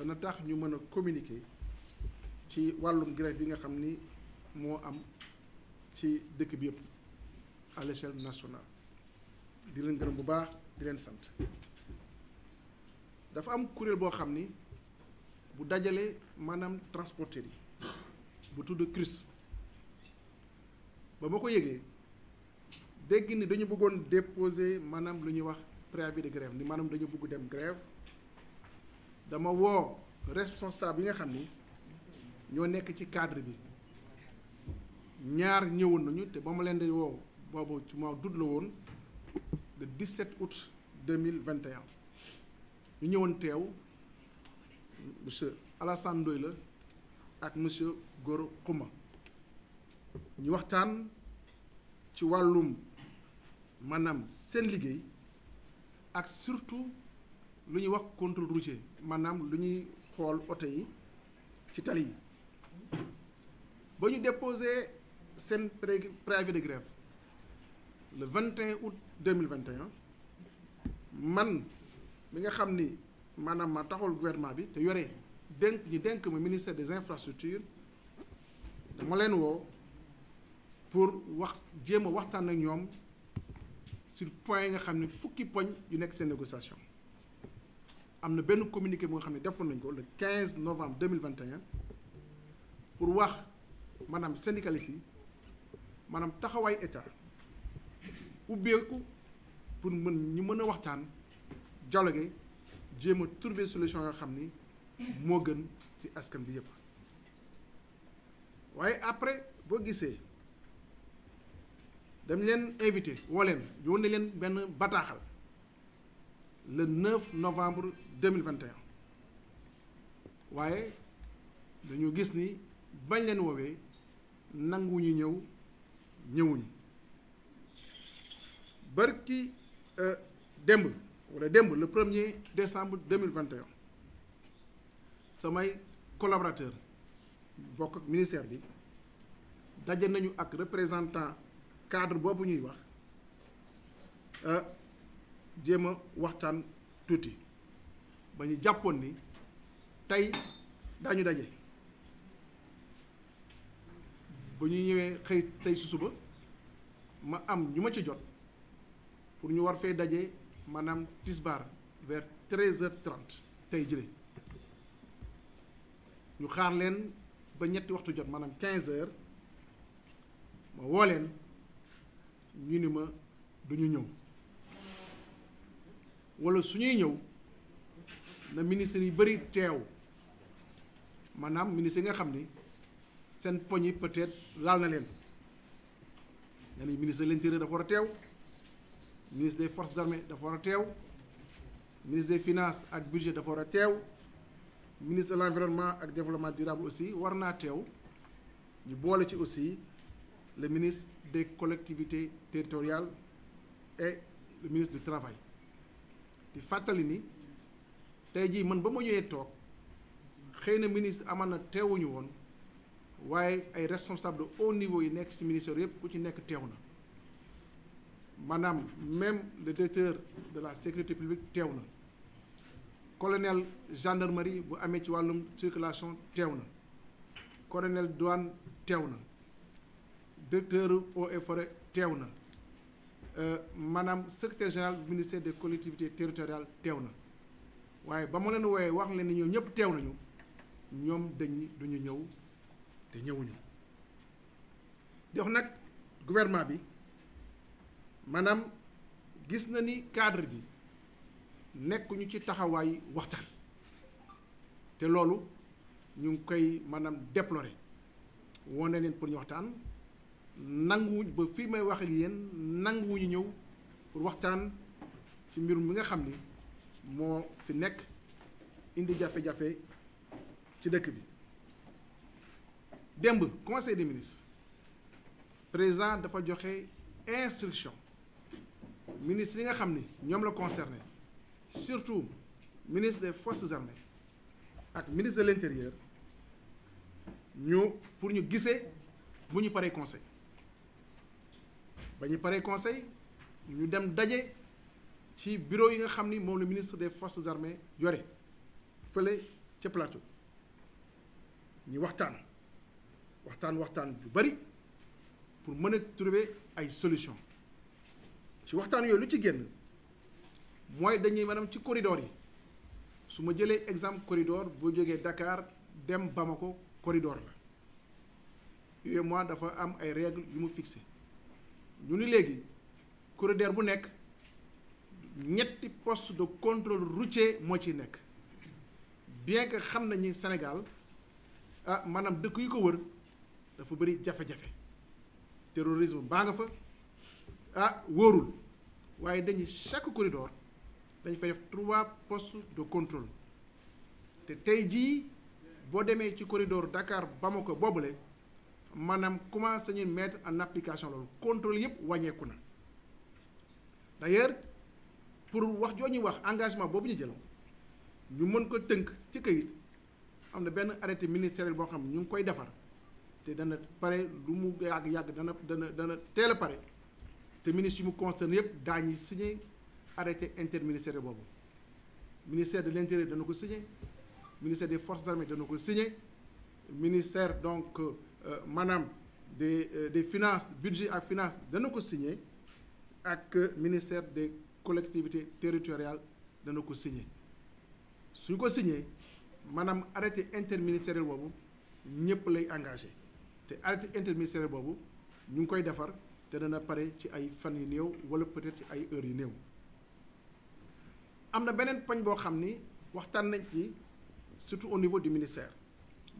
dana tax ñu mën a communiquer ci wàllum grève bi nga xam ni moo am ci dëkk bi yëpp à l'échelle di leen gërëm bu baax di leen sant dafa am kuréel boo xam ni bu dajale maanaam transporteurs yi bu tudd CRUS ba ma ko yëgee dégg ni dañu bëggoon déposer maanaam lu ñuy wax préavis de grève ni maanaam dañu bëgg dem grève dama woo responsable yi nga xam ni ñoo nekk ci cadre bi ñaar ñëwoon nañu te ba ma leen di woo boobu ci mois d'août la woon le 17 août 2021 ñu ñëwoon teew monsieur Alassane Ndoye la ak monsieur Goro Xuma ñu waxtaan ci wàllum maanaam seen liggéey ak surtout lu ñuy wax contrôle routier maanaam lu ñuy xool oto yi ci tali yi ba ñu déposé seen préavis de grève le 21 août 2021 man mi nga xam ni maanaam ma taxul gouvernement bi te yore dénk ñu dénk ma ministère des infrastructures dama leen woo pour wax jéem a waxtaan ak ñoom sur point yi nga xam ne fukki poñ yu nekk seen négociation am na benn communiqué bu nga xam ne defoon nañ ko le 15 novembre 2021 pour wax maanaam syndicalistes yi maanaam taxawaay état ubbeeku pour mën ñu mën a waxtaan jaloge jéem a trouver solution yoo xam ni moo gën ci askan bi yëpp waaye après boo gisee dañ leen invité woo leen ne leen benn bataaxal le 9 novembre deux mille waaye dañu gis ni bañ leen woowee nanguwuñu ñëw ñëwuñu barki euh, démb wala démb la premier décembre deux mille vingt et samay collaborateur bokk ak ministère bi daje nañu ak représentant cadre boobu ñuy wax euh, jéem a waxtaan tuuti. ba ñu jàppoon ni tey daañu daje bu ñu ñëwee xëy tey su suba ma am ñu ma ci jot pour ñu war fa daje maanaam tisbaar vers treize heures trente tey jire ñu xaar leen ba ñetti waxtu jot maanaam quinze heures ma woo leen ñu ni ma duñu ñëw wala su ñuy ñëw na ministre yi bëri teew maanaam ministre yi nga xam ni seen poñ yi peut-être laal na leen nee nañ ministre de l'intérieur dafa war a teew ministre des force armées dafa war a teew ministre des ak budget dafa war a teew ministre de l'environnement ak développement durable aussi war naa teew ñu boole ci aussi le ministre des collectivités territoriales et le ministre du travail di fàttali ni tey jii man ba ma ñëwee toog xëy na ministre amaan na teewuñu woon waaye ay responsable de niveau yi nekk ci ministère yëpp ku ci nekk teew na maanaam même le directeur de la sécurité publique teew na colonel gendarmerie bu amee ci wàllum circulation teew na colonel douane teew na directeur eaux et forêt teew na euh, maanaam secrétaire général du ministère des collectivités territoriales teew na waaye ba ma leen wooyee wax leen ne ñëpp teew nañu ñoom dañ duñu ñëw te ñëwuñu di nag gouvernement bi maanaam gis na ni cadre bi nekkuñu ci taxawaay waxtaan te loolu ñu ngi koy maanaam déplorer woo ne leen pour ñu waxtaan nanguwuñ ba fii may wax ak yéen nanguwuñu ñëw pour waxtaan ci mbir mi nga xam ni moo fi nekk indi jafe-jafe ci dëkk bi démb conseil de ministres président dafa joxe instruction ministre yi nga xam ni ñoom la concerné surtout ministre des forces armées ak ministre de l'intérieur ñu pour ñu gisee bu ñu paree conseil ba ñu paree conseil ñu dem daje. ci bureau yi nga xam ni moom la ministre des forces armées yore fële ca plateau ñu waxtaan waxtaan waxtaan bu bari pour mën a trouver ay solution ci waxtaan yooyu lu ci génn mooy dañuy maanaam ci corridor yi su ma jëlee exemple corridor boo jógee dakaar dem ba ma Bamako corridor la UEMOA dafa am ay règles yu mu fixé ñu ni léegi corridor bu nekk ñetti poste de contrôle routier moo ci nekk bien que xam nañu senegal ah maanaam dëkk yu ko wër dafa bëri jafe-jafe terrorisme baa nga fa ah wóorul waaye dañuy chaque corridor dañ fay def trois post de contrôle te tey jii boo demee ci corridor Dakar ko boobule maanaam commencé ñu mettre en application loolu contrôle yëpp wàññeeku na d'ailleurs pour wax joo ñuy wax engagement boobu ñu jël ñu mën ko tënk ci këyit am na benn arrêté ministériel boo xam ne ñu ngi koy defar te dana pare lu mu yàgg yàgg dana dana dana teel a pare te ministre yu mu concerné yëpp daañu signé arrêté interministériel boobu ministère de l' intérieur dana ko signé ministère des forces armées dana ko signé ministère donc euh, maanaam des euh, des finances budget ak finance dana ko signé ak euh, ministère des. collectivité territoriale dana ko signé suñ ko signee maanaam arrêté interministériel boobu ñëpp lay engagé te arrêté interministériel boobu ñu ngi koy defar te dana pare ci ay fan yu néew wala peut-être ci ay heures yu néew am na beneen poñ boo xam ni waxtaan nañ ci surtout au niveau du ministère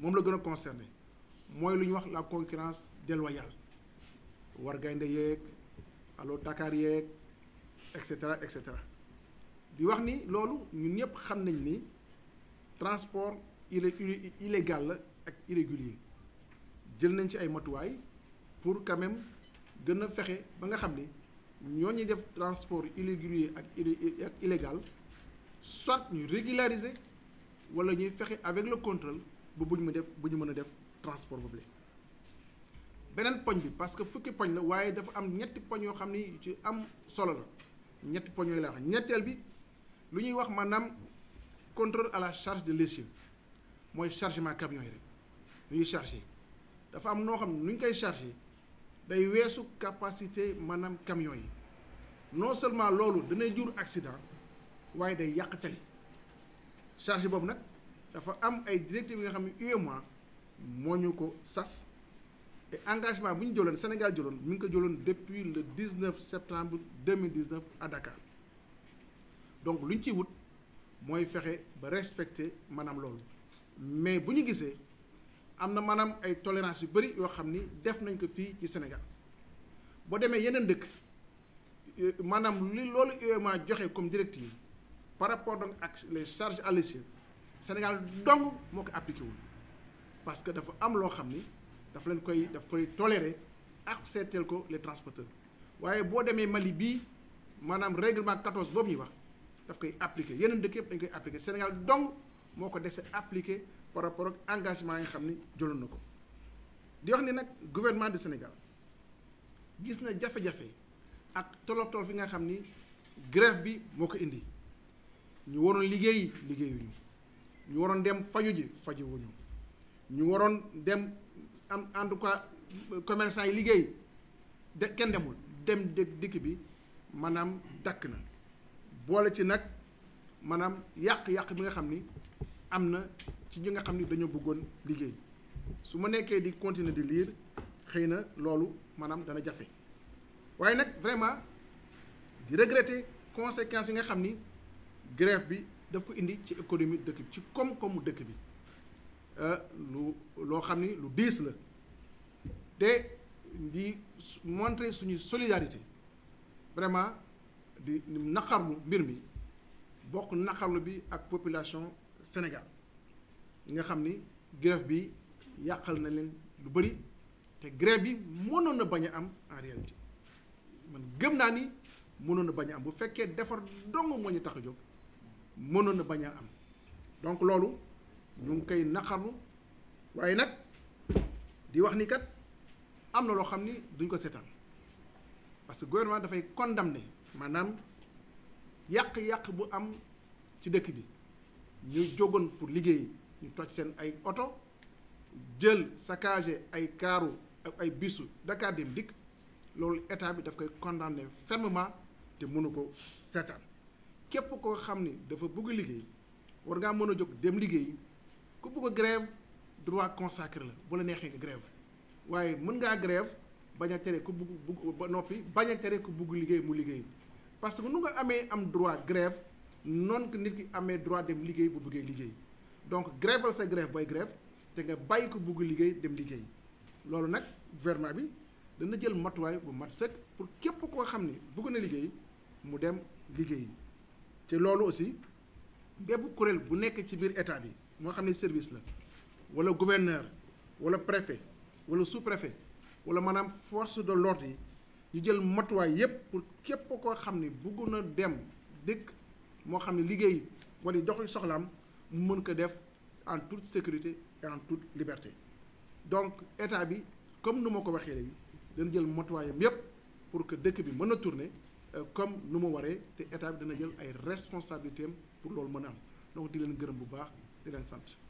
moom la gën a concerné mooy lu ñuy wax la concurrence déloyale war gaynde yeeg allo Dakar yeeg et cetera et cetera di wax ni loolu ñun ñëpp xam nañ ni transport illégal la ak irrégulier jël nañ ci ay matuwaay pour quand même gën a fexe ba nga xam ni ñoo ñuy def transport irrégulier ak ak illégal soit ñu régulariser wala ñuy fexe avec le contrôle ba bu ñu mën def bu ñu mën a def transport boobule. beneen poñ bi parce que fukki poñ la waaye dafa am ñetti poñ yoo xam ni ci am solo la. ñetti poñ la wax ñetteel bi lu ñuy wax maanaam contrôle à la charge de l'essieu mooy chargement camion yi rek lu ñuy chargé dafa am noo xam ne nu ñu koy chargé day weesu capacité maanaam camion yi non seulement loolu danay jur accident waaye day yàq tali charge boobu nag dafa am ay directives yi nga xam ne UEMOA moo ñu ko sas te engagement bu ñu jëloon Sénégal jëloon mu ngi ko jëloon depuis le 19 septembre 2019 à Dakar donc lu ñu ci wut mooy fexe ba respecter maanaam loolu mais bu ñu gisee am na maanaam ay tolérance yu bëri yoo xam ni def nañ ko fii ci Sénégal boo demee yeneen dëkk euh, maanaam li loolu UEMOA joxe comme directive par rapport donc ak les charges à l'essieu Sénégal dong moo ko appliqué parce que dafa am loo xam ni. daf leen koy daf koy tolere tolérer seeteel ko les transporteurs waaye boo demee Mali bii maanaam réglement 14 boobu ñuy wax daf koy appliquer yeneen dëkk yëpp dañ koy appliquer Sénégal dong moo ko dese appliquer par rapport ak engagement yi nga xam ni jëloon na ko di wax ni nag gouvernement de Sénégal gis na jafe-jafe ak tolof tolof yi nga xam ni grève bi moo ko indi ñu waroon liggéey liggéeyuñu ñu waroon dem faju ji fajuwuñu ñu waroon dem. am en tout cas commerçant yi liggéey de kenn demul dem de dikk bi maanaam dakk na boole ci nag maanaam yàq-yàq bi nga xam ni am na ci ñi nga xam ni dañoo bëggoon liggéey su ma nekkee di continuer di liir xëy na loolu maanaam dana jafe waaye nag vraiment di regretter conséquences yi nga xam ni grève bi daf ko indi ci économie dëkk bi ci koom-koomu dëkk bi Euh, lu loo xam ni lu diis la te di montrer suñu solidarité vraiment di naqarlu mbir mi bokk naqarlu bi ak population Sénégal nga xam ni grève bi yàqal na leen lu bëri te grève bi mënoon na bañ a am en réalité man gëm naa ni mënoon na bañ a am bu fekkee defar dong moo ñu tax a jóg mënoon na bañ a am donc loolu ñu ngi koy naqarlu waaye nag di wax ni kat am na loo xam ni duñ ko seetaan parce que gouvernement dafay condamné maanaam yàq-yàq bu am ci dëkk bi ñu jógoon pour liggéey ñu toj seen ay oto jël saccagé ay kaaru ak ay bisu Dakar Dem Dikk loolu état bi daf koy condamné fermement te mënu ko seetaan képp koo xam ni dafa bugg liggéey war ngaa mën a jóg dem liggéey ku bëgg a grève droit consacré la bu la neexee nga grève waaye mën ngaa grève bañ a tere ku bugg ba noppi bañ a tere ku bugg liggéey mu liggéey parce que nu nga amee am droit grève noonu nit ki amee droit dem liggéey bu buggee liggéey donc grèveal sa grève booy grève te nga bàyyi ko bugg liggéey dem liggéey loolu nag gouvernement bi dana jël matuwaay bu mat sëkk pour képp koo xam ni bugg na liggéey mu dem liggéey te loolu aussi bépp kuréel bu nekk ci biir état bi moo xam ne service la wala gouverneur wala préfet wala sous-préfet wala maanaam force de l'ordre yi ñu jël matuwaay yépp pour képp koo xam ne bëgg na dem dëkk moo xam ne liggéey wala doxi soxlaam mu mën ko def en tout sécurité en tout liberté donc état bi comme nu ma ko waxee léegi dana jël matuwaayam yépp pour que dëkk bi mën a tourner euh, comme nu ma waree te état bi dana jël ay responsabilités pour loolu mën a am donc di leen gërëm bu baax di leen sant